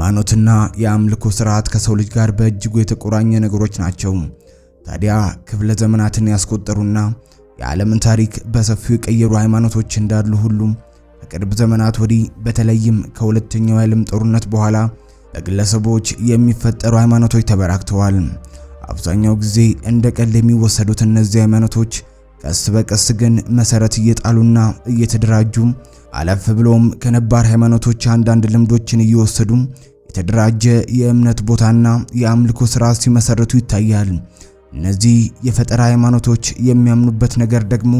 ሃይማኖትና የአምልኮ ስርዓት ከሰው ልጅ ጋር በእጅጉ የተቆራኘ ነገሮች ናቸው። ታዲያ ክፍለ ዘመናትን ያስቆጠሩና የዓለምን ታሪክ በሰፊው የቀየሩ ሃይማኖቶች እንዳሉ ሁሉም ከቅርብ ዘመናት ወዲህ በተለይም ከሁለተኛው የዓለም ጦርነት በኋላ በግለሰቦች የሚፈጠሩ ሃይማኖቶች ተበራክተዋል። አብዛኛው ጊዜ እንደ ቀል የሚወሰዱት እነዚህ ሃይማኖቶች ቀስ በቀስ ግን መሰረት እየጣሉና እየተደራጁ አለፍ ብሎም ከነባር ሃይማኖቶች አንዳንድ ልምዶችን እየወሰዱ የተደራጀ የእምነት ቦታና የአምልኮ ስርዓት ሲመሰርቱ ይታያል። እነዚህ የፈጠራ ሃይማኖቶች የሚያምኑበት ነገር ደግሞ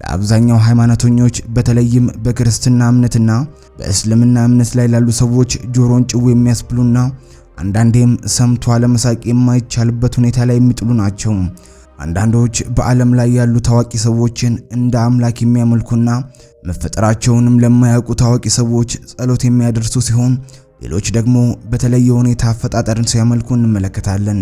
ለአብዛኛው ሃይማኖተኞች በተለይም በክርስትና እምነትና በእስልምና እምነት ላይ ላሉ ሰዎች ጆሮን ጭው የሚያስብሉና አንዳንዴም ሰምቶ አለመሳቅ የማይቻልበት ሁኔታ ላይ የሚጥሉ ናቸው። አንዳንዶች በዓለም ላይ ያሉ ታዋቂ ሰዎችን እንደ አምላክ የሚያመልኩና መፈጠራቸውንም ለማያውቁ ታዋቂ ሰዎች ጸሎት የሚያደርሱ ሲሆን ሌሎች ደግሞ በተለየ ሁኔታ አፈጣጠርን ሲያመልኩ እንመለከታለን።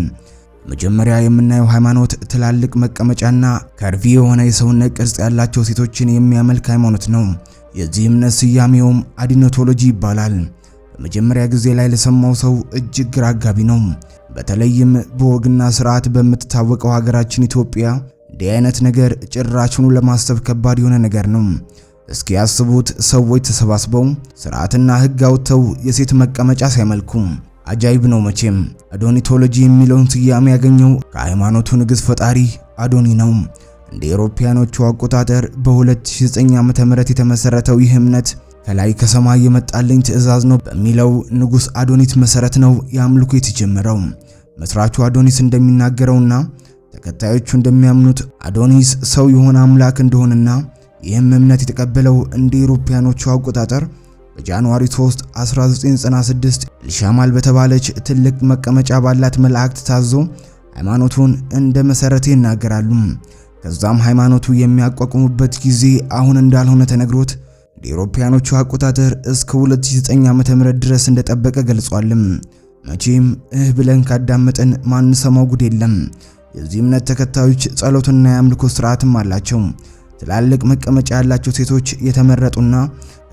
መጀመሪያ የምናየው ሃይማኖት ትላልቅ መቀመጫና ከርቪ የሆነ የሰውነት ቅርጽ ያላቸው ሴቶችን የሚያመልክ ሃይማኖት ነው። የዚህ እምነት ስያሜውም አዲኖቶሎጂ ይባላል። በመጀመሪያ ጊዜ ላይ ለሰማው ሰው እጅግ ግራ አጋቢ ነው። በተለይም በወግና ስርዓት በምትታወቀው ሀገራችን ኢትዮጵያ እንዲህ አይነት ነገር ጭራችኑ ለማሰብ ከባድ የሆነ ነገር ነው። እስኪ ያስቡት ሰዎች ተሰባስበው ስርዓትና ህግ አውጥተው የሴት መቀመጫ ሲያመልኩ አጃይብ ነው መቼም። አዶኒቶሎጂ የሚለውን ስያሜ ያገኘው ከሃይማኖቱ ንግስ ፈጣሪ አዶኒ ነው። እንደ ኤሮፓያኖቹ አቆጣጠር በ2009 ዓ.ም የተመሰረተው ይህ እምነት ከላይ ከሰማይ የመጣልኝ ትእዛዝ ነው በሚለው ንጉሥ አዶኒት መሰረት ነው የአምልኮ የተጀመረው። መስራቹ አዶኒስ እንደሚናገረውና ተከታዮቹ እንደሚያምኑት አዶኒስ ሰው የሆነ አምላክ እንደሆነና ይህም እምነት የተቀበለው እንደ ኢሮፓያኖቹ አቆጣጠር በጃንዋሪ 3 1996 ኤልሻማል በተባለች ትልቅ መቀመጫ ባላት መላእክት ታዞ ሃይማኖቱን እንደ መሰረተ ይናገራሉ። ከዛም ሃይማኖቱ የሚያቋቁሙበት ጊዜ አሁን እንዳልሆነ ተነግሮት እንደ ኢሮፓያኖቹ አቆጣጠር እስከ 2009 ዓ.ም ድረስ እንደጠበቀ ገልጿልም። መቼም እህ ብለን ካዳመጥን ማንሰማው ጉድ የለም። የዚህ እምነት ተከታዮች ጸሎትና የአምልኮ ስርዓትም አላቸው። ትላልቅ መቀመጫ ያላቸው ሴቶች የተመረጡና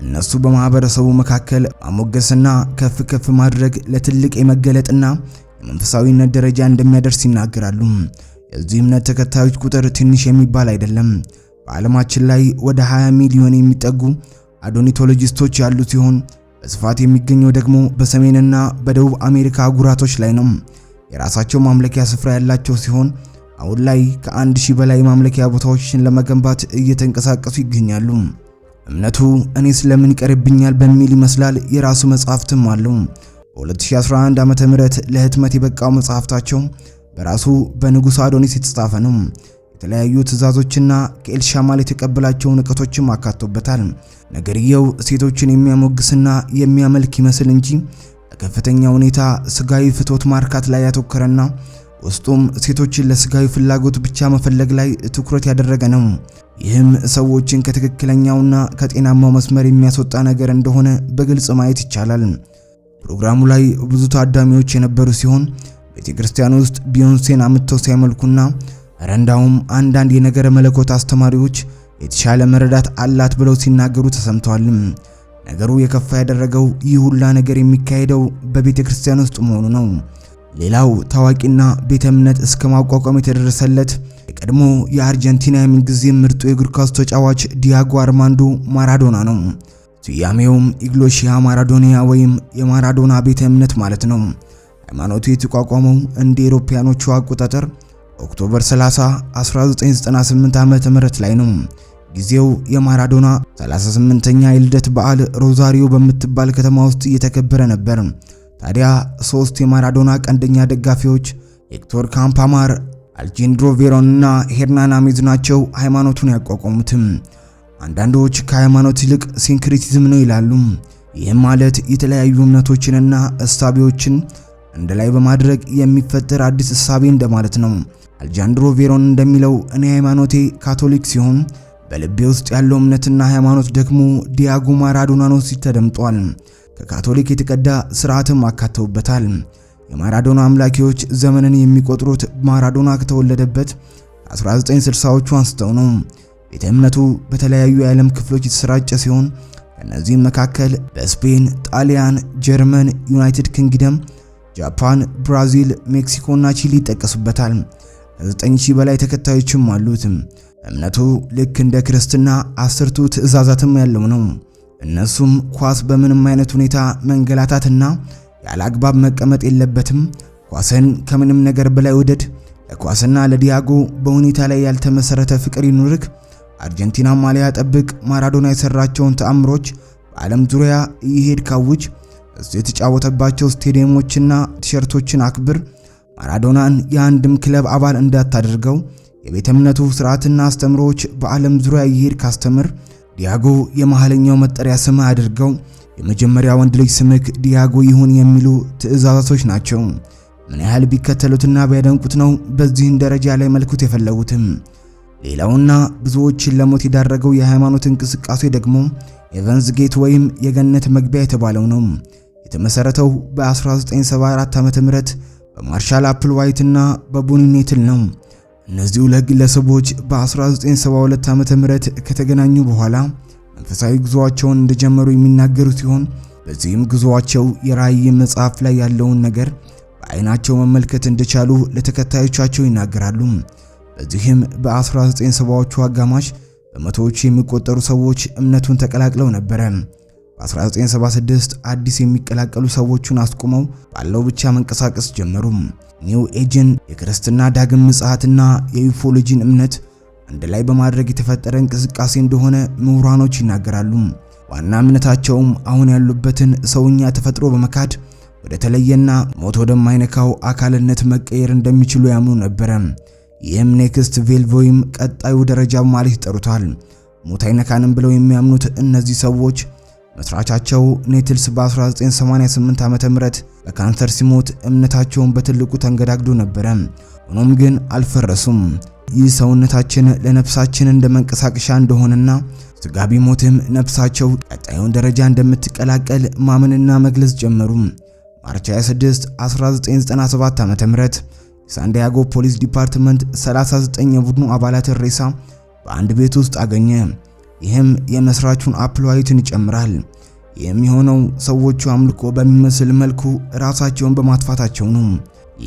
እነሱ በማህበረሰቡ መካከል ማሞገስና ከፍ ከፍ ማድረግ ለትልቅ የመገለጥና የመንፈሳዊነት ደረጃ እንደሚያደርስ ይናገራሉ። የዚህ እምነት ተከታዮች ቁጥር ትንሽ የሚባል አይደለም። በዓለማችን ላይ ወደ 20 ሚሊዮን የሚጠጉ አዶኒቶሎጂስቶች ያሉ ሲሆን በስፋት የሚገኘው ደግሞ በሰሜንና በደቡብ አሜሪካ አህጉራቶች ላይ ነው። የራሳቸው ማምለኪያ ስፍራ ያላቸው ሲሆን አሁን ላይ ከአንድ ሺህ በላይ ማምለኪያ ቦታዎችን ለመገንባት እየተንቀሳቀሱ ይገኛሉ። እምነቱ እኔ ስለምን ይቀርብኛል በሚል ይመስላል የራሱ መጽሐፍትም አለው። በ2011 ዓመተ ምህረት ለህትመት የበቃው መጽሐፍታቸው በራሱ በንጉሥ አዶኒስ የተጻፈ ነው። የተለያዩ ትዕዛዞችና ከኤልሻማል የተቀበላቸውን እውቀቶችም አካቶበታል። ነገርየው ሴቶችን የሚያሞግስና የሚያመልክ ይመስል እንጂ በከፍተኛ ሁኔታ ስጋዊ ፍቶት ማርካት ላይ ያተኮረና ውስጡም ሴቶችን ለስጋዊ ፍላጎት ብቻ መፈለግ ላይ ትኩረት ያደረገ ነው። ይህም ሰዎችን ከትክክለኛውና ከጤናማው መስመር የሚያስወጣ ነገር እንደሆነ በግልጽ ማየት ይቻላል። ፕሮግራሙ ላይ ብዙ ታዳሚዎች የነበሩ ሲሆን ቤተ ክርስቲያን ውስጥ ቢዮንሴን አምጥተው ሲያመልኩና ረንዳውም አንዳንድ የነገረ መለኮት አስተማሪዎች የተሻለ መረዳት አላት ብለው ሲናገሩ ተሰምተዋል። ነገሩ የከፋ ያደረገው ይህ ሁላ ነገር የሚካሄደው በቤተ ክርስቲያን ውስጥ መሆኑ ነው። ሌላው ታዋቂና ቤተ እምነት እስከ ማቋቋም የተደረሰለት የቀድሞ የአርጀንቲና የምንጊዜ ምርጡ የእግር ኳስ ተጫዋች ዲያጎ አርማንዶ ማራዶና ነው። ስያሜውም ኢግሎሺያ ማራዶኒያ ወይም የማራዶና ቤተ እምነት ማለት ነው። ሃይማኖቱ የተቋቋመው እንደ ኤሮፓያኖቹ አቆጣጠር ኦክቶበር 30 1998 ዓመተ ላይ ነው። ጊዜው የማራዶና 38ኛ የልደት በዓል ሮዛሪዮ በምትባል ከተማ ውስጥ እየተከበረ ነበር። ታዲያ ሶስት የማራዶና ቀንደኛ ደጋፊዎች ሄክቶር ካምፓማር፣ አልጄንድሮ ቬሮን እና ሄርናን አሜዝ ናቸው ሃይማኖቱን ያቋቋሙትም። አንዳንዶች ከሃይማኖት ይልቅ ሲንክሪቲዝም ነው ይላሉ። ይህም ማለት የተለያዩ እምነቶችንና እሳቤዎችን አንድ ላይ በማድረግ የሚፈጠር አዲስ እሳቤ እንደማለት ነው። አልጃንድሮ ቬሮን እንደሚለው እኔ ሃይማኖቴ ካቶሊክ ሲሆን በልቤ ውስጥ ያለው እምነትና ሃይማኖት ደግሞ ዲያጎ ማራዶና ነው ሲል ተደምጧል። ከካቶሊክ የተቀዳ ስርዓትም አካተውበታል። የማራዶና አምላኪዎች ዘመንን የሚቆጥሩት ማራዶና ከተወለደበት 1960ዎቹ አንስተው ነው። ቤተ እምነቱ በተለያዩ የዓለም ክፍሎች የተሰራጨ ሲሆን ከእነዚህም መካከል በስፔን፣ ጣሊያን፣ ጀርመን፣ ዩናይትድ ኪንግደም፣ ጃፓን፣ ብራዚል፣ ሜክሲኮ እና ቺሊ ይጠቀሱበታል። ከ9000 በላይ ተከታዮችም አሉት። እምነቱ ልክ እንደ ክርስትና አስርቱ ትእዛዛትም ያለው ነው። እነሱም ኳስ በምንም አይነት ሁኔታ መንገላታትና ያለ አግባብ መቀመጥ የለበትም፣ ኳስን ከምንም ነገር በላይ ውደድ፣ ለኳስና ለዲያጎ በሁኔታ ላይ ያልተመሰረተ ፍቅር ይኑርክ፣ አርጀንቲና ማሊያ ጠብቅ፣ ማራዶና የሰራቸውን ተአምሮች በዓለም ዙሪያ እየሄድ ካውጅ፣ እሱ የተጫወተባቸው ስቴዲየሞችና ቲሸርቶችን አክብር፣ ማራዶናን የአንድም ክለብ አባል እንዳታደርገው፣ የቤተ እምነቱ ስርዓትና አስተምሮዎች በዓለም ዙሪያ እየሄድ ካስተምር ዲያጎ የመሃለኛው መጠሪያ ስም አድርገው የመጀመሪያ ወንድ ልጅ ስምክ ዲያጎ ይሁን የሚሉ ትዕዛዛቶች ናቸው። ምን ያህል ቢከተሉትና ቢያደንቁት ነው በዚህን ደረጃ ላይ መልኩት የፈለጉትም። ሌላውና ብዙዎችን ለሞት የዳረገው የሃይማኖት እንቅስቃሴ ደግሞ ኤቨንስ ጌት ወይም የገነት መግቢያ የተባለው ነው። የተመሰረተው በ1974 ዓ.ም በማርሻል አፕል ዋይት እና በቡኒ ኔትል ነው። እነዚህ ሁለት ግለሰቦች በ1972 ዓመተ ምህረት ከተገናኙ በኋላ መንፈሳዊ ጉዞአቸውን እንደጀመሩ የሚናገሩ ሲሆን በዚህም ጉዞአቸው የራእይ መጽሐፍ ላይ ያለውን ነገር በአይናቸው መመልከት እንደቻሉ ለተከታዮቻቸው ይናገራሉ። በዚህም በ1970ዎቹ አጋማሽ በመቶዎች የሚቆጠሩ ሰዎች እምነቱን ተቀላቅለው ነበረ። በ1976 አዲስ የሚቀላቀሉ ሰዎቹን አስቁመው ባለው ብቻ መንቀሳቀስ ጀመሩ። ኒው ኤጅን የክርስትና ዳግም ምጽአትና የዩፎሎጂን እምነት አንድ ላይ በማድረግ የተፈጠረ እንቅስቃሴ እንደሆነ ምሁራኖች ይናገራሉ። ዋና እምነታቸውም አሁን ያሉበትን ሰውኛ ተፈጥሮ በመካድ ወደ ተለየና ሞት ወደማይነካው አካልነት መቀየር እንደሚችሉ ያምኑ ነበረ። ይህም ኔክስት ቬል ወይም ቀጣዩ ደረጃ ማለት ይጠሩታል። ሞት አይነካንም ብለው የሚያምኑት እነዚህ ሰዎች መስራቻቸው ኔትልስ በ1988 ዓ.ም በካንሰር ሲሞት እምነታቸውን በትልቁ ተንገዳግዶ ነበረ። ሆኖም ግን አልፈረሱም። ይህ ሰውነታችን ለነፍሳችን እንደ መንቀሳቀሻ እንደሆነና ስጋ ቢሞትም ነፍሳቸው ቀጣዩን ደረጃ እንደምትቀላቀል ማመንና መግለጽ ጀመሩ። ማርች 26 1997 ዓ.ም የሳንዲያጎ ፖሊስ ዲፓርትመንት 39 የቡድኑ አባላትን ሬሳ በአንድ ቤት ውስጥ አገኘ። ይህም የመስራቹን አፕል ዋይትን ይጨምራል። የሚሆነው ሰዎቹ አምልኮ በሚመስል መልኩ ራሳቸውን በማጥፋታቸው ነው።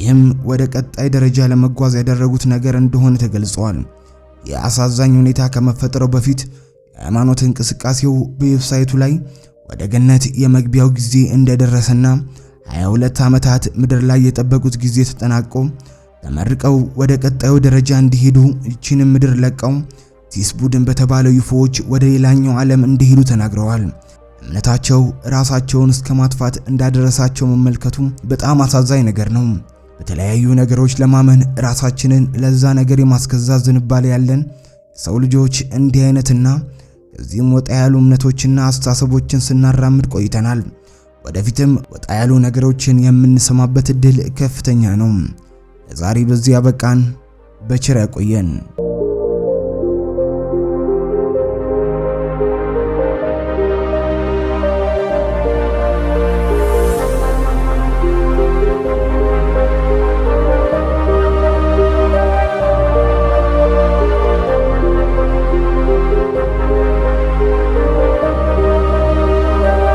ይህም ወደ ቀጣይ ደረጃ ለመጓዝ ያደረጉት ነገር እንደሆነ ተገልጿል። የአሳዛኝ ሁኔታ ከመፈጠሩ በፊት የሃይማኖት እንቅስቃሴው በዌብሳይቱ ላይ ወደ ገነት የመግቢያው ጊዜ እንደደረሰና 22 ዓመታት ምድር ላይ የጠበቁት ጊዜ ተጠናቆ ተመርቀው ወደ ቀጣዩ ደረጃ እንዲሄዱ ይህችንም ምድር ለቀው ቲስ ቡድን በተባለው ዩፎዎች ወደ ሌላኛው ዓለም እንዲሄዱ ተናግረዋል። እምነታቸው ራሳቸውን እስከ ማጥፋት እንዳደረሳቸው መመልከቱ በጣም አሳዛኝ ነገር ነው። በተለያዩ ነገሮች ለማመን ራሳችንን ለዛ ነገር የማስከዛዝ ዝንባሌ ያለን ሰው ልጆች እንዲህ አይነትና ከዚህም ወጣ ያሉ እምነቶችና አስተሳሰቦችን ስናራምድ ቆይተናል። ወደፊትም ወጣ ያሉ ነገሮችን የምንሰማበት እድል ከፍተኛ ነው። ለዛሬ በዚህ ያበቃን። በቸር ያቆየን።